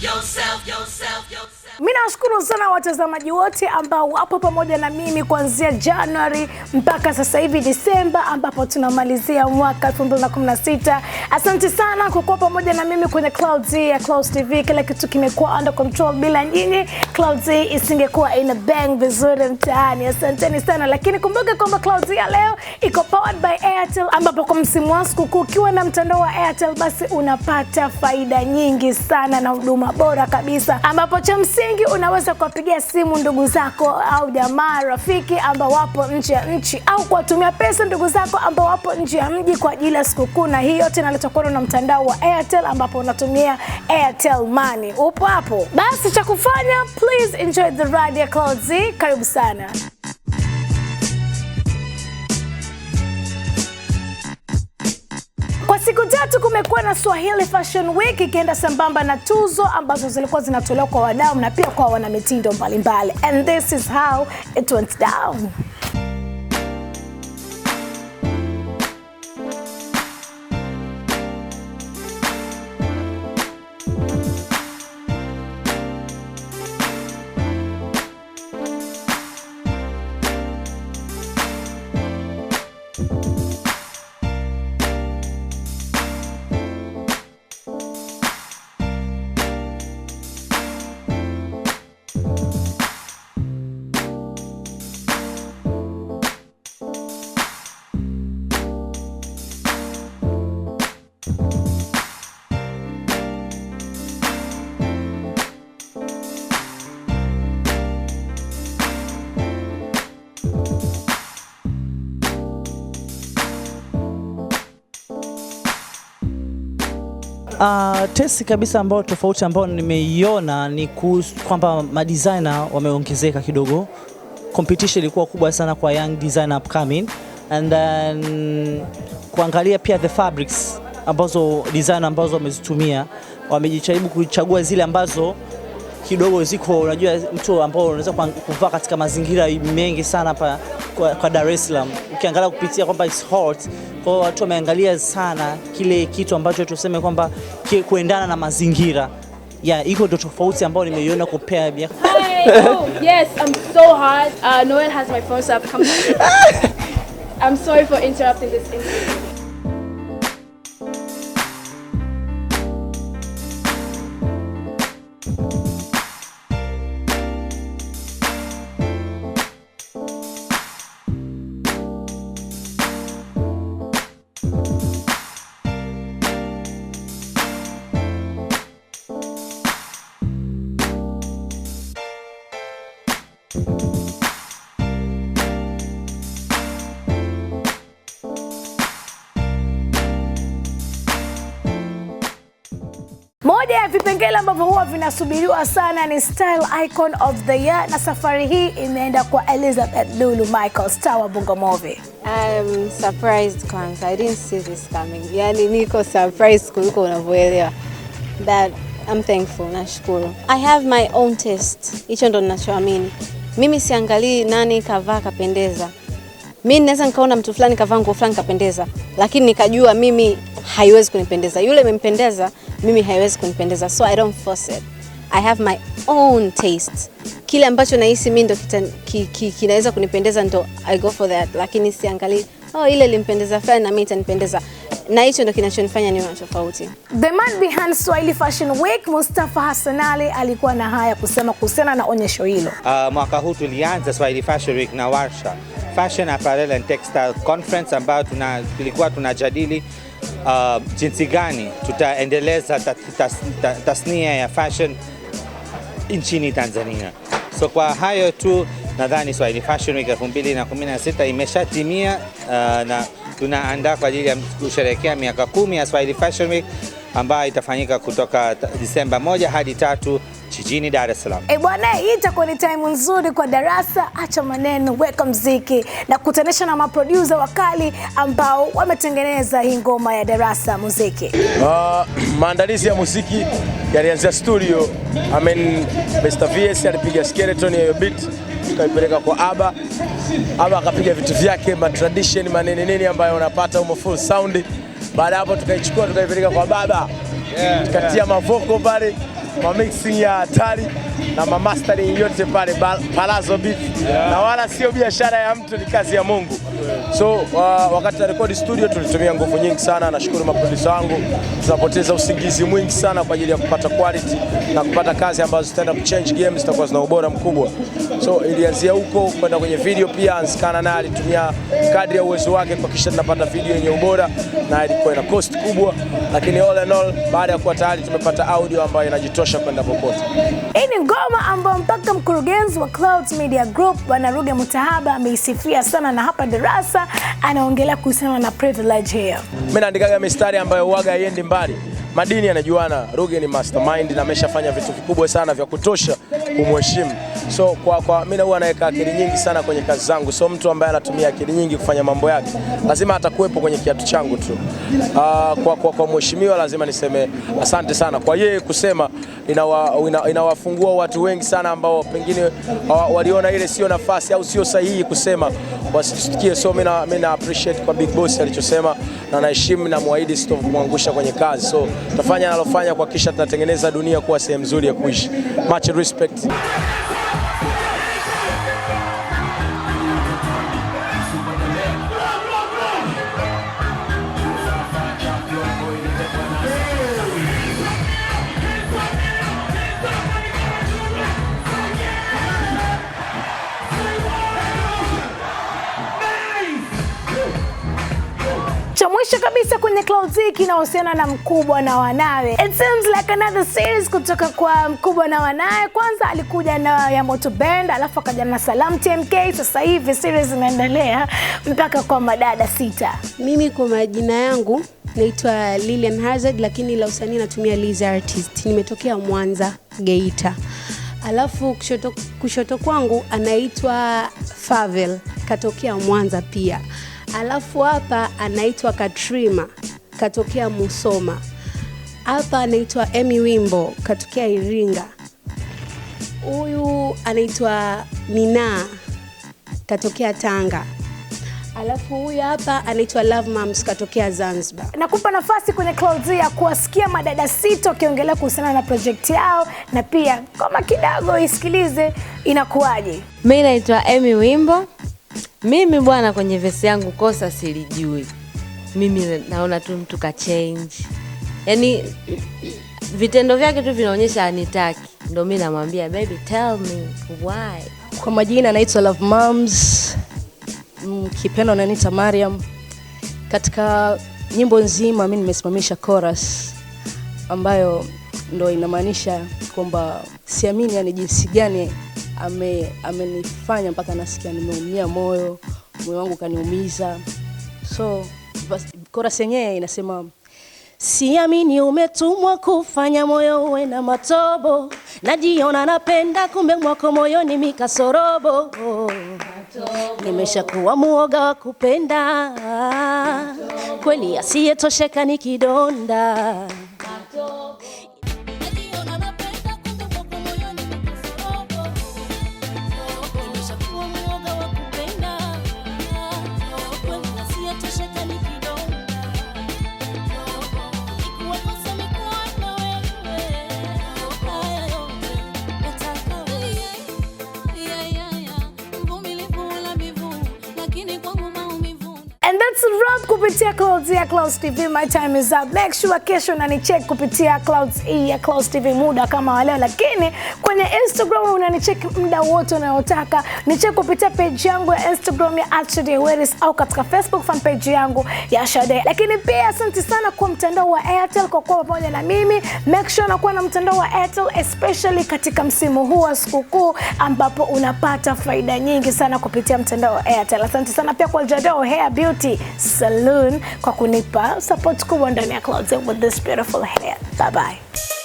yourself, yourself, yourself. Mi nawashukuru sana watazamaji wote ambao wapo pamoja na mimi kuanzia Januari mpaka sasa hivi Disemba, ambapo tunamalizia mwaka 2016. Asante sana kwa kuwa pamoja na mimi kwenye Z ya Clouds TV. Kila kitu kimekuwa under control, bila nyinyi Z isingekuwa ina bang vizuri mtaani. Asanteni sana, lakini kumbuka kwamba Z ya leo iko powered by Airtel, ambapo kwa msimu wa sikukuu ukiwa na mtandao wa Airtel basi unapata faida nyingi sana na huduma bora kabisa ambapo cha msingi Kimsingi unaweza kuwapigia simu ndugu zako au jamaa rafiki ambao wapo nje ya nchi au kuwatumia pesa ndugu zako ambao wapo nje ya mji kwa ajili ya sikukuu, na hii yote inaleta kwenu na mtandao wa Airtel ambapo unatumia Airtel Money. Upo hapo? Basi cha kufanya, please enjoy the Radio Clouds. Karibu sana. Siku tatu kumekuwa na Swahili Fashion Week ikienda sambamba na tuzo ambazo zilikuwa zinatolewa kwa wadau na pia kwa wanamitindo mbalimbali. And this is how it went down. Uh, ah, tesi kabisa ambayo tofauti ambayo nimeiona ni kwamba madesigner wameongezeka kidogo. Competition ilikuwa kubwa sana kwa young designer upcoming and then kuangalia pia the fabrics ambazo designer ambazo wamezitumia, wamejaribu kuchagua zile ambazo kidogo ziko, unajua mtu ambao unaweza kuvaa katika mazingira mengi sana hapa kwa, kwa Dar es Salaam ukiangalia kupitia kwamba it's hot, kwa watu wameangalia sana kile kitu ambacho tuseme kwamba kuendana na mazingira ya yeah, iko ndo tofauti ambayo nimeiona kupea miaka Oh, yes, I'm so hot. Uh, Noel has my phone, so I've come. I'm sorry for interrupting this interview. Moja ya vipengele ambavyo huwa vinasubiriwa sana ni Style Icon of the Year, na safari hii imeenda kwa Elizabeth Lulu Michael, star wa Bongo Movie. I'm um, surprised kwanza. I didn't see this coming. Yani niko surprised kuliko unavyoelewa. But I'm thankful, nashukuru. I have my own taste. Hicho ndo ninachoamini. Mimi siangalii nani kavaa kapendeza. Mimi naweza nikaona mtu fulani kavaa nguo fulani kapendeza, lakini nikajua mimi haiwezi kunipendeza. Yule imempendeza mimi haiwezi kunipendeza, so I don't force it. I have my own taste. Kile ambacho nahisi mimi ndo kinaweza kunipendeza ndo I go for that, lakini siangalii oh, ile limpendeza fulani na mimi itanipendeza na hicho ndo kinachonifanya niwe tofauti. The man behind Swahili Fashion Week Mustafa Hassanali alikuwa na haya kusema kuhusiana na onyesho hilo. Uh, mwaka huu tulianza Swahili Fashion Week na warsha Fashion Apparel and Textile Conference ambayo tuna, tulikuwa tunajadili uh, jinsi gani tutaendeleza tasnia ta, ta, ta, ya fashion nchini Tanzania. So kwa hayo tu nadhani Swahili Fashion Week 2016 imeshatimia, uh, na tunaandaa kwa ajili ya kusherehekea miaka kumi ya Swahili Fashion Week ambayo itafanyika kutoka Disemba moja hadi tatu jijini Dar es Salaam. Eh, bwana, hii itakuwa ni time nzuri kwa darasa. Acha maneno, weka mziki na kutanisha na maproducer wakali ambao wametengeneza hii ngoma ya darasa muziki. Uh, maandalizi ya muziki yalianzia studio. I mean, Mr. VS alipiga skeleton ya beat tukaipeleka kwa Aba. Aba akapiga vitu vyake ma tradition maneno nini ambayo unapata umo full sound. Baada hapo tukaichukua tukaipeleka kwa Baba. Yeah, tukatia yeah, mavoko pale mamixing ya hatari na mamastering yote pale Palazzo Yeah. na wala sio biashara ya mtu, ni kazi ya Mungu. So uh, wakati na rekodi studio tulitumia nguvu nyingi sana. Nashukuru maproducer wangu, tunapoteza usingizi mwingi sana kwa ajili ya kupata quality na kupata kazi ambazo stand up change games zitakuwa zina ubora mkubwa. So ilianzia huko kwenda kwenye video pia. Anskana naye alitumia kadri ya uwezo wake kuhakikisha tunapata video yenye ubora na ilikuwa ina cost kubwa, lakini all and all, baada ya kuwa tayari tumepata audio ambayo inajitosha kwenda popote. Hii ni ngoma ambayo mpaka mkurugenzi wa Clouds Media Group Bwana Ruge Mutahaba ameisifia sana na hapa Darasa anaongelea kuhusiana na privilege hiyo. Mimi naandikaga mistari ambayo waga haiendi mbali madini anajuana, Ruge ni mastermind na ameshafanya vitu vikubwa sana vya kutosha kumheshimu. So kwa, kwa mimi huwa naweka akili nyingi sana kwenye kazi zangu, so mtu ambaye anatumia akili nyingi kufanya mambo yake lazima atakuwepo kwenye kiatu changu tu. Uh, kwa, kwa, kwa mheshimiwa lazima niseme asante sana kwa yeye kusema, inawafungua ina, inawa watu wengi sana ambao pengine waliona ile sio nafasi au sio sahihi kusema wasisikie. So mimi na appreciate kwa Big Boss alichosema, na naheshimu na muahidi sitomwangusha kwenye kazi so tutafanya nalofanya kuhakikisha tunatengeneza dunia kuwa sehemu nzuri ya kuishi. Much respect. mwisho kabisa kwenye clouds hiki inahusiana na mkubwa na wanawe. It seems like another series kutoka kwa mkubwa na wanawe. Kwanza alikuja na ya Moto Band, alafu akaja na Salam TMK. Sasa hivi series inaendelea mpaka kwa madada sita. Mimi kwa majina yangu naitwa Lilian Hazard, lakini la usanii natumia Liz Artist. Nimetokea Mwanza, Geita. Alafu kushoto, kushoto kwangu anaitwa Favel, katokea Mwanza pia. Alafu hapa anaitwa Katrima katokea Musoma, hapa anaitwa Emi Wimbo katokea Iringa, huyu anaitwa Minaa katokea Tanga, alafu huyu hapa anaitwa Love Moms katokea Zanzibar. Nakupa nafasi kwenye clouds ya kuwasikia madada sita wakiongelea kuhusiana na project yao, na pia kama kidogo isikilize inakuwaje. Mimi naitwa Emi Wimbo mimi bwana, kwenye vesi yangu kosa silijui. Mimi naona tu mtu ka change, yaani vitendo vyake tu vinaonyesha anitaki, ndo mi namwambia baby tell me why. Kwa majina anaitwa Love Moms, mm, kipendo ananiita Mariam. Katika nyimbo nzima mi nimesimamisha chorus ambayo ndo inamaanisha kwamba siamini, yani jinsi gani amenifanya ame mpaka nasikia nimeumia moyo, moyo wangu kaniumiza. So korasi yenyewe inasema Siamini umetumwa kufanya moyo uwe na matobo, najiona napenda, kumbe mwako moyo ni mikasorobo. Nimeshakuwa muoga wa kupenda, kweli asiyetosheka ni kidonda. kupitia Clouds ya Clouds TV. My time is up. Make sure kesho unanicheck kupitia Clouds E ya Clouds TV muda kama wa leo, lakini kwenye Instagram unanicheck muda wote unayotaka. Nicheck kupitia page yangu ya Instagram ya Ashaday au katika Facebook fan page yangu ya Shade. Lakini pia asante sana kwa mtandao wa Airtel kwa kuwa pamoja na mimi. Make sure unakuwa na mtandao wa Airtel especially katika msimu huu wa sikukuu ambapo unapata faida nyingi sana kupitia mtandao wa Airtel. Asante sana pia kwa Jadeo Hair Beauty. Salam. Saloon kwa kunipa support kubwa ndani ya clouds with this beautiful hair. Bye bye.